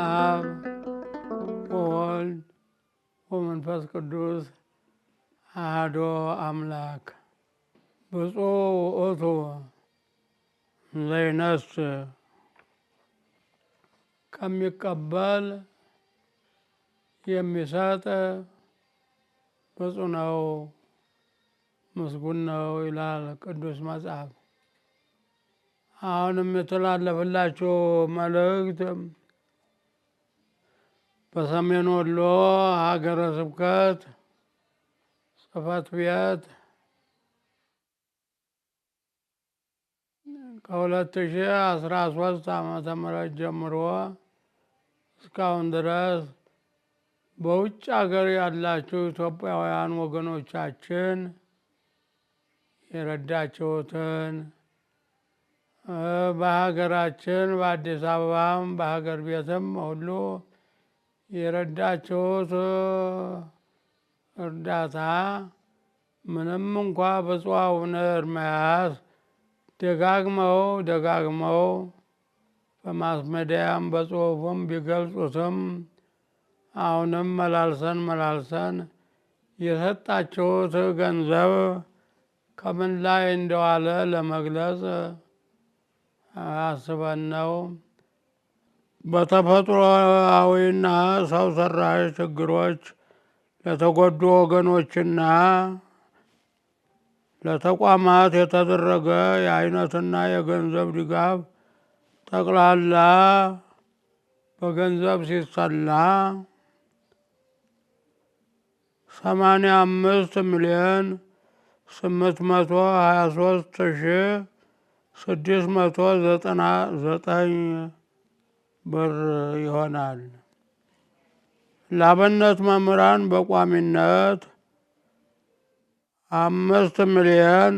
አብ ወወልድ ወመንፈስ ቅዱስ አሐዱ አምላክ ብፁዕ ውእቱ ዘይነስ ከሚቀበል የሚሰጥ ብፁዕ ነው ምስጉን ነው ይላል ቅዱስ መጽሐፍ። አሁንም የተላለፈላችሁ መልእክት በሰሜን ወሎ ሀገረ ስብከት ጽሕፈት ቤት ከሁለት ሺ አስራ ሶስት ዓመተ ምህረት ጀምሮ እስካሁን ድረስ በውጭ ሀገር ያላችሁ ኢትዮጵያውያን ወገኖቻችን የረዳችሁትን በሀገራችን በአዲስ አበባም በሀገር ቤትም ሁሉ የረዳችሁት እርዳታ ምንም እንኳ ብፁዕ አቡነ ደጋግመው ደጋግመው በማስመዳያም በጽሁፉም ቢገልጹትም አሁንም መላልሰን መላልሰን የሰጣችሁት ገንዘብ ከምን ላይ እንደዋለ ለመግለጽ አስበን ነው። በተፈጥሮአዊና ሰው ሰራሽ ችግሮች ለተጎዱ ወገኖችና ለተቋማት የተደረገ የአይነትና የገንዘብ ድጋፍ ጠቅላላ በገንዘብ ሲሰላ ሰማንያ አምስት ሚሊዮን ስምንት መቶ ሀያ ሶስት ሺ ስድስት መቶ ዘጠና ዘጠኝ ብር ይሆናል። ለአብነት መምህራን በቋሚነት አምስት ሚሊየን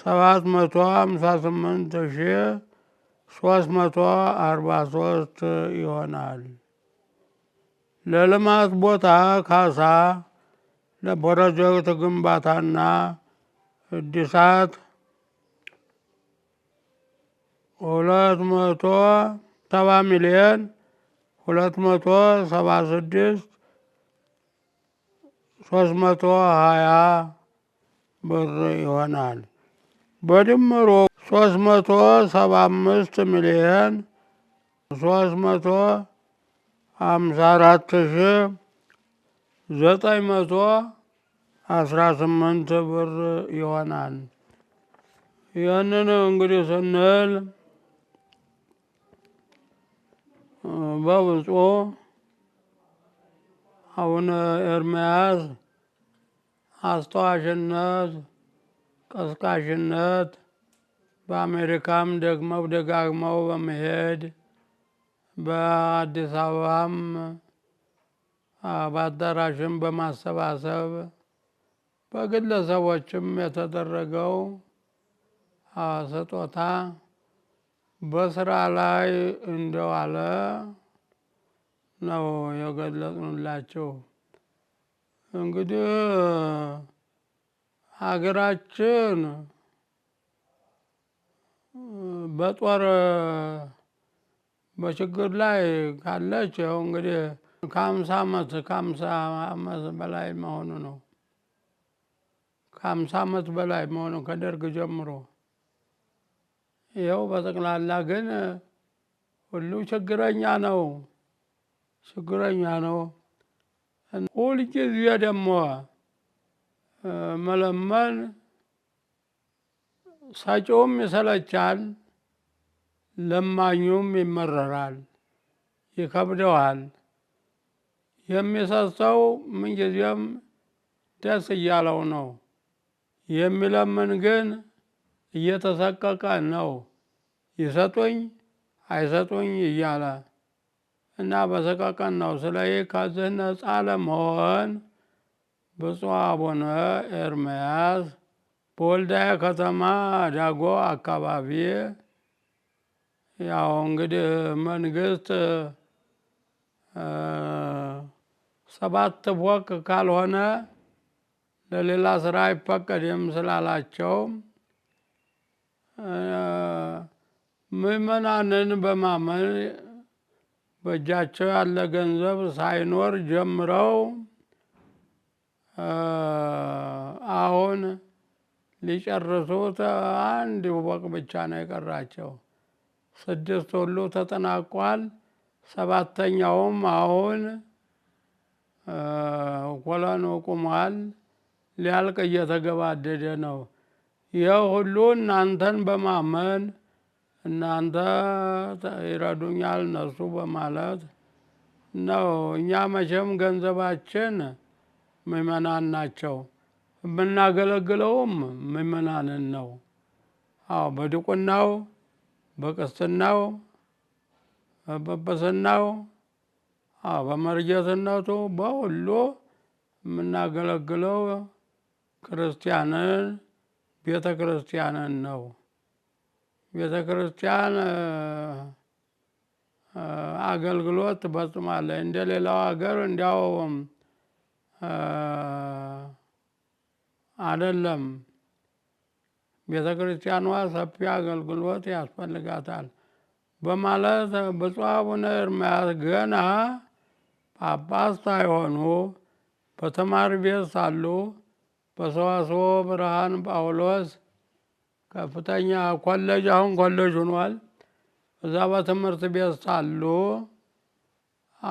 ሰባት መቶ ሃምሳ ስምንት ሺ ሶስት መቶ አርባ ሶስት ይሆናል። ለልማት ቦታ ካሳ ለፕሮጀክት ግንባታና እድሳት ሁለት መቶ ሰባ ሚሊዮን ሁለት መቶ ሰባ ስድስት ሶስት መቶ ሀያ ብር ይሆናል። በድምሮ ሶስት መቶ ሰባ አምስት ሚሊዮን ሶስት መቶ ሀምሳ አራት ሺ ዘጠኝ መቶ አስራ ስምንት ብር ይሆናል። ይህንን እንግዲህ ስንል በውጹ አቡነ ኤርምያስ አስታዋሽነት፣ ቀስቃሽነት በአሜሪካም ደግመው ደጋግመው በመሄድ በአዲስ አበባም በአዳራሽም በማሰባሰብ በግለሰቦችም የተደረገው ስጦታ በስራ ላይ እንደዋለ ነው የገለጽንላቸው። እንግዲህ ሀገራችን በጦር በችግር ላይ ካለች ያው እንግዲህ ከአምሳ አመት ከአምሳ አመት በላይ መሆኑ ነው። ከአምሳ አመት በላይ መሆኑ ከደርግ ጀምሮ ይኸው በጠቅላላ ግን ሁሉ ችግረኛ ነው ችግረኛ ነው። ሁልጊዜ ደግሞ መለመን ሰጪውም ይሰለቻል፣ ለማኙም ይመረራል፣ ይከብደዋል። የሚሰጠው ምንጊዜም ደስ እያለው ነው። የሚለምን ግን እየተሰቀቀ ነው ይሰጡኝ አይሰጡኝ እያለ እና በሰቀቀን ነው። ስለዚህ ከዚህ ነፃ ለመሆን ብፁዕ አቡነ ኤርምያስ በወልዳያ ከተማ ዳጎ አካባቢ ያው እንግዲህ መንግስት ሰባት ፎቅ ካልሆነ ለሌላ ስራ አይፈቀድም ስላላቸው ምእመናንን በማመን በእጃቸው ያለ ገንዘብ ሳይኖር ጀምረው አሁን ሊጨርሱት አንድ ወቅ ብቻ ነው የቀራቸው። ስድስት ሁሉ ተጠናቋል። ሰባተኛውም አሁን ኮለኑ ቁሟል። ሊያልቅ እየተገባደደ ነው። ይኸው ሁሉ እናንተን በማመን እናንተ ይረዱኛል እነሱ በማለት ነው። እኛ መቼም ገንዘባችን ምዕመናን ናቸው። የምናገለግለውም ምዕመናንን ነው። አዎ በድቁናው በቅስትናው፣ በጵጵስናው፣ በመርጀትነቱ በሁሉ የምናገለግለው ክርስቲያንን ቤተ ክርስቲያንን ነው። ቤተ ክርስቲያን አገልግሎት ትፈጽማለች። እንደ ሌላው ሀገር እንዲያው አይደለም። ቤተ ክርስቲያኗ ሰፊ አገልግሎት ያስፈልጋታል በማለት ብፁዕ አቡነ ኤርምያስ ገና ጳጳስ ሳይሆኑ በተማሪ ቤት ሳሉ በሰዋስወ ብርሃን ጳውሎስ ከፍተኛ ኮሌጅ አሁን ኮሌጅ ሆኗል። እዛ በትምህርት ቤት ሳሉ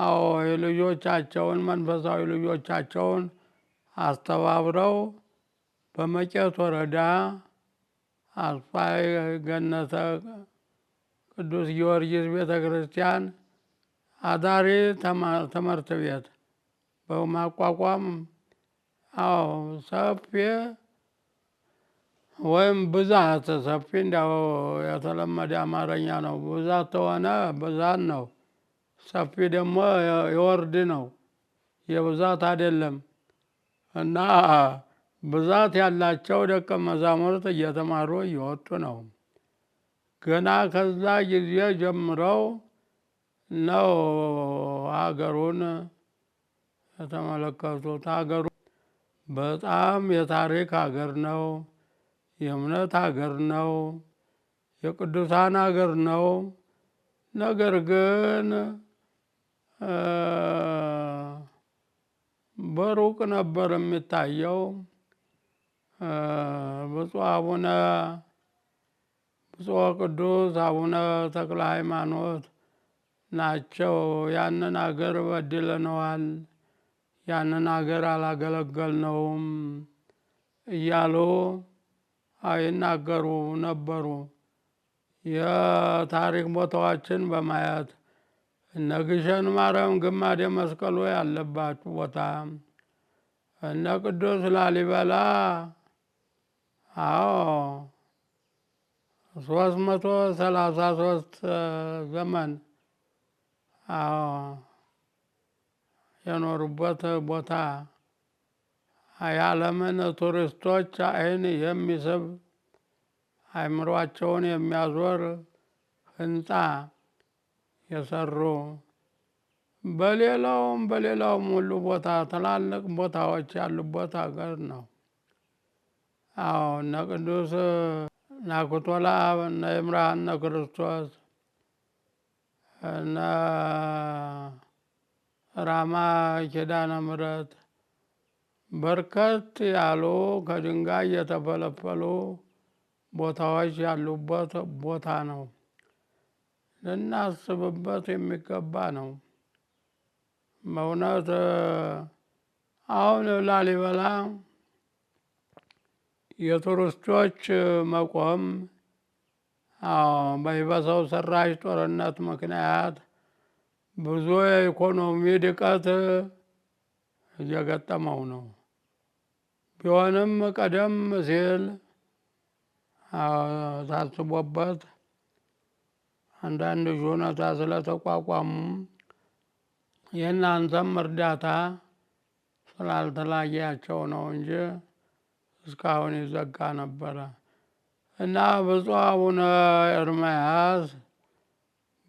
አዎ ልጆቻቸውን መንፈሳዊ ልጆቻቸውን አስተባብረው በመቄት ወረዳ አስፋይ ገነተ ቅዱስ ጊዮርጊስ ቤተ ክርስቲያን አዳሪ ትምህርት ቤት በማቋቋም አዎ ሰፊ ወይም ብዛት ሰፊ እንዲያው የተለመደ አማርኛ ነው። ብዛት ከሆነ ብዛት ነው። ሰፊ ደግሞ የወርድ ነው። የብዛት አይደለም። እና ብዛት ያላቸው ደቀ መዛሙርት እየተማሩ እየወጡ ነው። ገና ከዛ ጊዜ ጀምረው ነው ሀገሩን የተመለከቱት ሀገሩ በጣም የታሪክ ሀገር ነው። የእምነት ሀገር ነው። የቅዱሳን ሀገር ነው። ነገር ግን በሩቅ ነበር የሚታየው። ብፁዕ አቡነ ብፁዕ ቅዱስ አቡነ ተክለ ሃይማኖት ናቸው ያንን ሀገር በድለነዋል ያንን አገር አላገለገልነውም እያሉ ይናገሩ ነበሩ። የታሪክ ቦታዎችን በማየት እነ ግሸን ማርያም ግማደ መስቀሉ ያለባት ቦታ እነ ቅዱስ ላሊበላ አዎ ሶስት መቶ ሰላሳ ሶስት ዘመን አዎ የኖሩበት ቦታ የዓለምን ቱሪስቶች አይን የሚስብ አእምሯቸውን የሚያዞር ህንፃ የሰሩ በሌላውም በሌላውም ሁሉ ቦታ ትላልቅ ቦታዎች ያሉበት ሀገር ነው። አዎ እነ ቅዱስ ናኩቶ እነ ይምርሃነ ክርስቶስ እነ ራማ ኪዳነ ምሕረት በርከት ያሉ ከድንጋይ የተፈለፈሉ ቦታዎች ያሉበት ቦታ ነው። ልናስብበት የሚገባ ነው። በእውነት አሁን ላሊበላ የቱሪስቶች መቆም በይበሰው ሰራሽ ጦርነት ምክንያት ብዙ የኢኮኖሚ ድቀት እየገጠመው ነው። ቢሆንም ቀደም ሲል ታስቦበት አንዳንድ ሁነታ ስለተቋቋሙ የእናንተም እርዳታ ስላልተለያቸው ነው እንጂ እስካሁን ይዘጋ ነበረ እና ብፁዕ አቡነ ኤርምያስ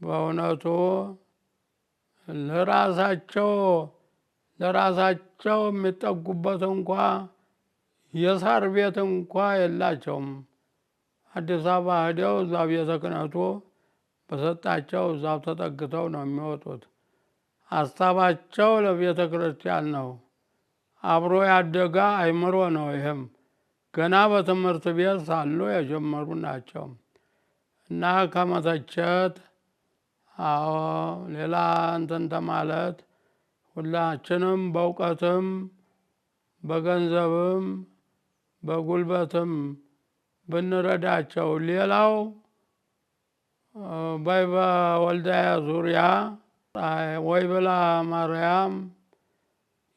በእውነቱ ለራሳቸው ለራሳቸው የሚጠጉበት እንኳ የሳር ቤት እንኳ የላቸውም። አዲስ አበባ ሄደው እዛ ቤተ ክህነቱ በሰጣቸው እዛው ተጠግተው ነው የሚወጡት። ሀሳባቸው ለቤተ ክርስቲያን ነው። አብሮ ያደገ አይምሮ ነው። ይህም ገና በትምህርት ቤት ሳሉ የጀመሩ ናቸው እና ከመተቸት አዎ ሌላ እንትንተ ማለት ሁላችንም በእውቀትም በገንዘብም በጉልበትም ብንረዳቸው ሌላው ወይ በወልዳያ ዙሪያ ወይ ብላ ማርያም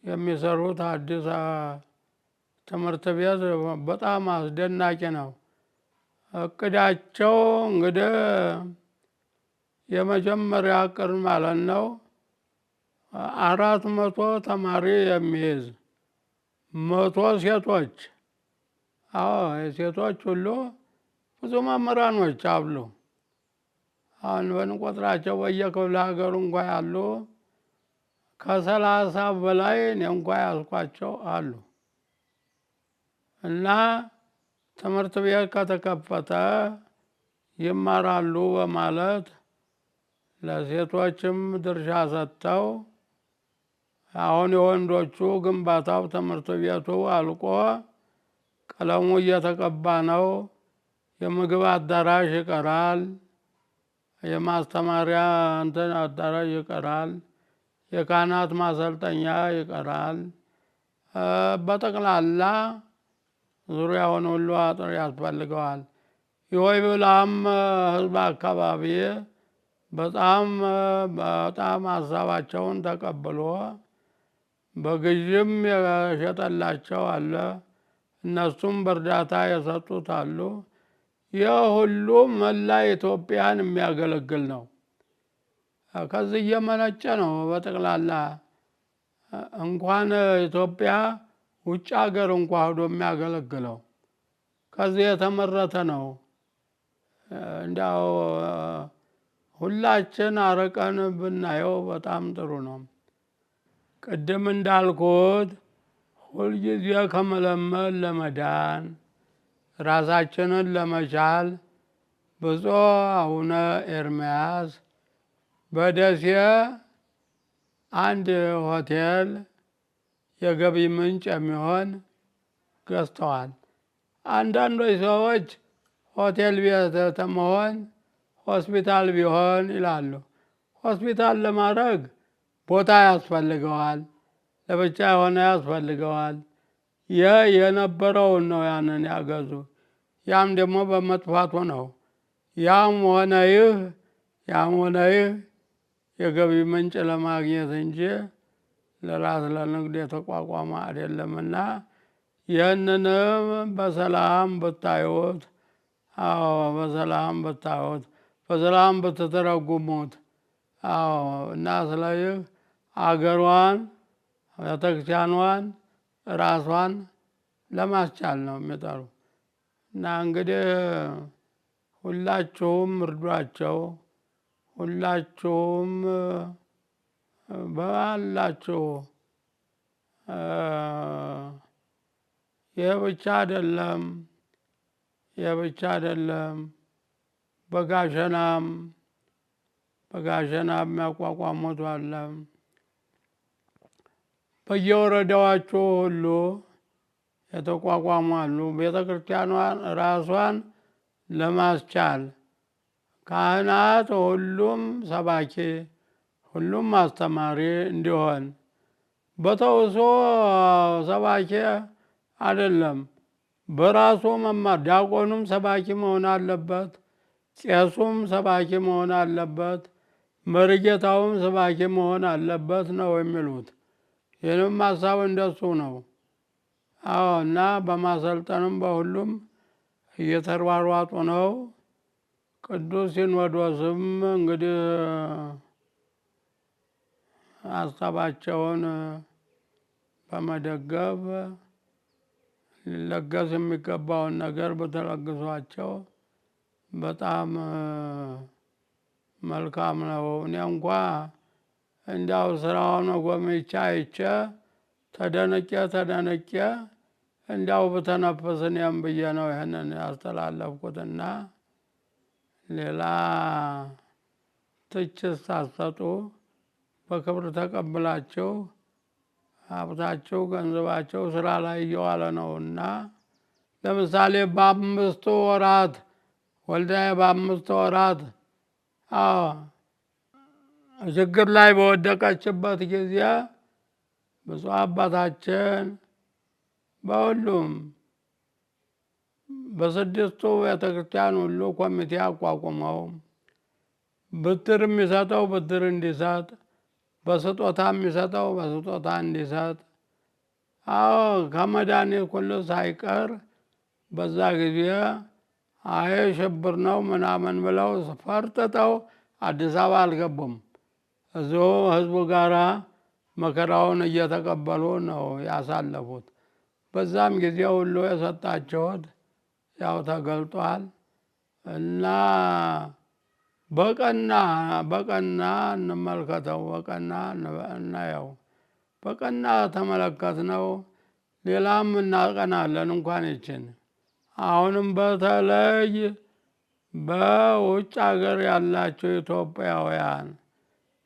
የሚሰሩት አዲስ ትምህርት ቤት በጣም አስደናቂ ነው። እቅዳቸው እንግዲህ የመጀመሪያ ቅር ማለት ነው። አራት መቶ ተማሪ የሚይዝ መቶ ሴቶች አዎ ሴቶች ሁሉ ብዙ መምህራኖች አሉ። አሁን ብንቆጥራቸው በየክፍለ ሀገሩ እንኳ ያሉ ከሰላሳ በላይ እኔ እንኳ ያልኳቸው አሉ። እና ትምህርት ቤት ከተከፈተ ይማራሉ በማለት ለሴቶችም ድርሻ ሰጥተው አሁን የወንዶቹ ግንባታው ትምህርት ቤቱ አልቆ ቀለሙ እየተቀባ ነው። የምግብ አዳራሽ ይቀራል። የማስተማሪያ እንትን አዳራሽ ይቀራል። የካህናት ማሰልጠኛ ይቀራል። በጠቅላላ ዙሪያውን ሁሉ አጥር ያስፈልገዋል። የወይብላም ህዝብ አካባቢ በጣም በጣም ሀሳባቸውን ተቀብሎ በግዥም የሸጠላቸው አለ። እነሱም በእርዳታ የሰጡት አሉ። ይህ ሁሉ መላ ኢትዮጵያን የሚያገለግል ነው። ከዚህ እየመነጨ ነው። በጠቅላላ እንኳን ኢትዮጵያ ውጭ ሀገር እንኳ ሂዶ የሚያገለግለው ከዚህ የተመረተ ነው እንዲያው ሁላችን አርቀን ብናየው በጣም ጥሩ ነው። ቅድም እንዳልኩት ሁልጊዜ ከመለመን ለመዳን ራሳችንን ለመቻል ብፁዕ አቡነ ኤርምያስ በደሴ አንድ ሆቴል የገቢ ምንጭ የሚሆን ገዝተዋል። አንዳንዶች ሰዎች ሆቴል ቤት መሆን ሆስፒታል ቢሆን ይላሉ። ሆስፒታል ለማድረግ ቦታ ያስፈልገዋል፣ ለብቻ የሆነ ያስፈልገዋል። ይህ የነበረውን ነው ያንን ያገዙ። ያም ደግሞ በመጥፋቱ ነው። ያም ሆነ ይህ ያም ሆነ ይህ የገቢ ምንጭ ለማግኘት እንጂ ለራስ ለንግድ የተቋቋመ አይደለምና ይህንንም በሰላም ብታዩት፣ አዎ በሰላም ብታዩት በሰላም በተዘረጉ ሞት እና ስለዚህ አገሯን ቤተክርስቲያኗን ራሷን ለማስቻል ነው የሚጠሩ እና እንግዲህ ሁላችሁም እርዷቸው። ሁላችሁም በባላችሁ ይህ ብቻ አይደለም፣ ይህ ብቻ አይደለም። በጋሸናም በጋሸና የሚያቋቋሙት አለ። በየወረዳዋቸው ሁሉ የተቋቋሟሉ ቤተ ክርስቲያኗን ራሷን ለማስቻል ካህናት ሁሉም ሰባኪ፣ ሁሉም አስተማሪ እንዲሆን በተውሶ ሰባኪ አይደለም፣ በራሱ መማር ዲያቆኑም ሰባኪ መሆን አለበት። ቄሱም ሰባኪ መሆን አለበት፣ መርጌታውም ሰባኪ መሆን አለበት ነው የሚሉት። ይህንም ሀሳብ እንደሱ ነው። አዎ እና በማሰልጠንም በሁሉም እየተሯሯጡ ነው። ቅዱስ ሲኖዶስም እንግዲህ ሀሳባቸውን በመደገፍ ሊለገስ የሚገባውን ነገር በተለግሷቸው በጣም መልካም ነው። እኔ እንኳ እንዲያው ስራውን ጎምኝቼ አይቼ ተደንቄ ተደነቄ እንዲያው ብተነፍስ እኔም ብዬ ነው ይህንን ያስተላለፍኩትና ሌላ ትችት ሳትሰጡ በክብር ተቀብላችሁ ሀብታችሁ ገንዘባችሁ ስራ ላይ እየዋለ ነውና ለምሳሌ በአምስቱ ወራት ወልዳ በአምስት ወራት ችግር ላይ በወደቀችበት ጊዜ ብፁዕ አባታችን በሁሉም በስድስቱ ቤተ ክርስቲያን ሁሉ ኮሚቴ አቋቁመው ብትር የሚሰጠው ብትር እንዲሰጥ፣ በስጦታ የሚሰጠው በስጦታ እንዲሰጥ፣ አዎ ከመድኃኒት ኩሉ ሳይቀር በዛ ጊዜ አይ ሽብር ነው ምናምን ብለው ፈርጥጠው አዲስ አበባ አልገቡም። እዚሁ ህዝቡ ጋራ መከራውን እየተቀበሉ ነው ያሳለፉት። በዛም ጊዜ ሁሉ የሰጣችሁት ያው ተገልጧል እና በቀና በቀና እንመልከተው፣ በቀና እናየው። በቀና ተመለከት ነው። ሌላም እናቀናለን እንኳን ይችን አሁንም በተለይ በውጭ አገር ያላቸው ኢትዮጵያውያን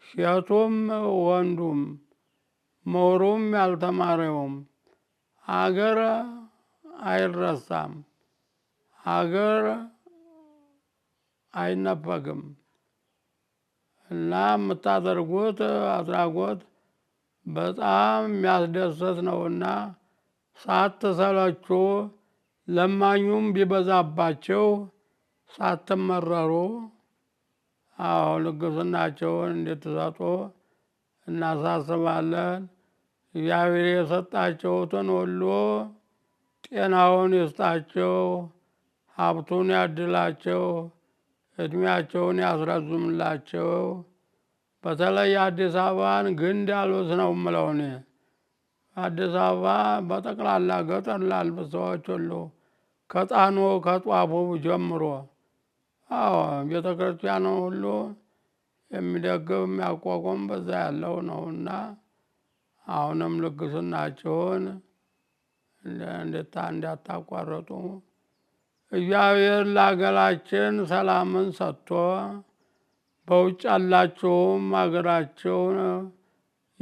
ሴቱም ወንዱም ምሁሩም ያልተማረውም አገር አይረሳም፣ አገር አይነፈግም እና የምታደርጉት አድራጎት በጣም የሚያስደስት ነውና ሳትሰለቹ ለማኙም ቢበዛባቸው ሳትመረሩ አዎ ልግስናቸውን እንድትሰጡ እናሳስባለን። እግዚአብሔር የሰጣቸውትን ሁሉ ጤናውን ይስጣቸው፣ ሀብቱን ያድላቸው፣ እድሜያቸውን ያስረዝምላቸው። በተለይ አዲስ አበባን ግንድ ያሉት ነው ምለውኔ አዲስ አበባ በጠቅላላ ገጠር ላሉት ሰዎች ሁሉ ከጣኖ ከጧፉ ጀምሮ አዎ ቤተ ክርስቲያኑ ሁሉ የሚደግፍ የሚያቋቁም በዛ ያለው እና አሁንም ልግስናችሁን እንዳታቋርጡ እግዚአብሔር ለአገራችን ሰላምን ሰጥቶ በውጭ ያላችሁም አገራችሁን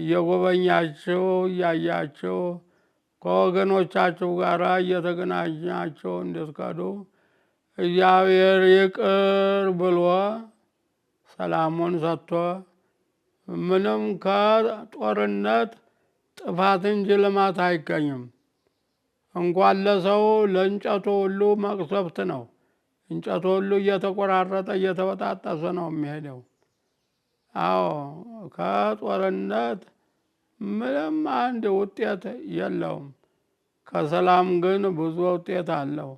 እየጎበኛችሁ እያያችሁ ከወገኖቻቸው ጋር እየተገናኛቸው እንድትከዱ እግዚአብሔር ይቅር ብሎ ሰላሙን ሰጥቶ ምንም ከጦርነት ጥፋት እንጂ ልማት አይገኝም። እንኳን ለሰው ለእንጨቱ ሁሉ መቅሰፍት ነው። እንጨቱ ሁሉ እየተቆራረጠ እየተበጣጠሰ ነው የሚሄደው። አዎ ከጦርነት ምንም አንድ ውጤት የለውም። ከሰላም ግን ብዙ ውጤት አለው።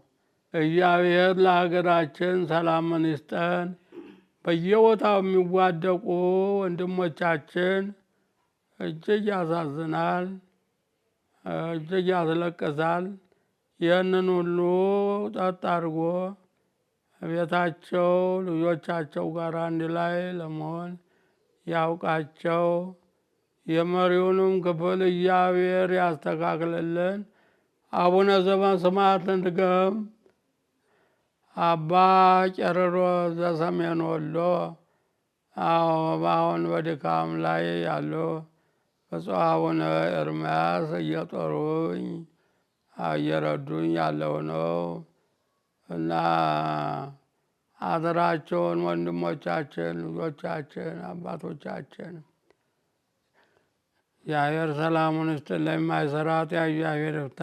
እግዚአብሔር ለሀገራችን ሰላምን ይስጠን። በየቦታው የሚዋደቁ ወንድሞቻችን እጅግ ያሳዝናል፣ እጅግ ያስለቅሳል። ይህንን ሁሉ ጠጥ አድርጎ ቤታቸው ልጆቻቸው ጋር አንድ ላይ ለመሆን ያውቃቸው። የመሪውንም ክፍል እግዚአብሔር ያስተካክልልን። አቡነ ዘበሰማያት ልንድገም። አባ ጨረሮ ዘሰሜን ወሎ አሁን በድካም ላይ ያሉ ብፁዕ አቡነ ኤርምያስ እየጦሩኝ እየረዱኝ ያለው ነው እና አደራቸውን ወንድሞቻችን፣ ልጆቻችን፣ አባቶቻችን የአየር ሰላሙን ስትል ለማይሰራት የእግዚአብሔር ይፍታ።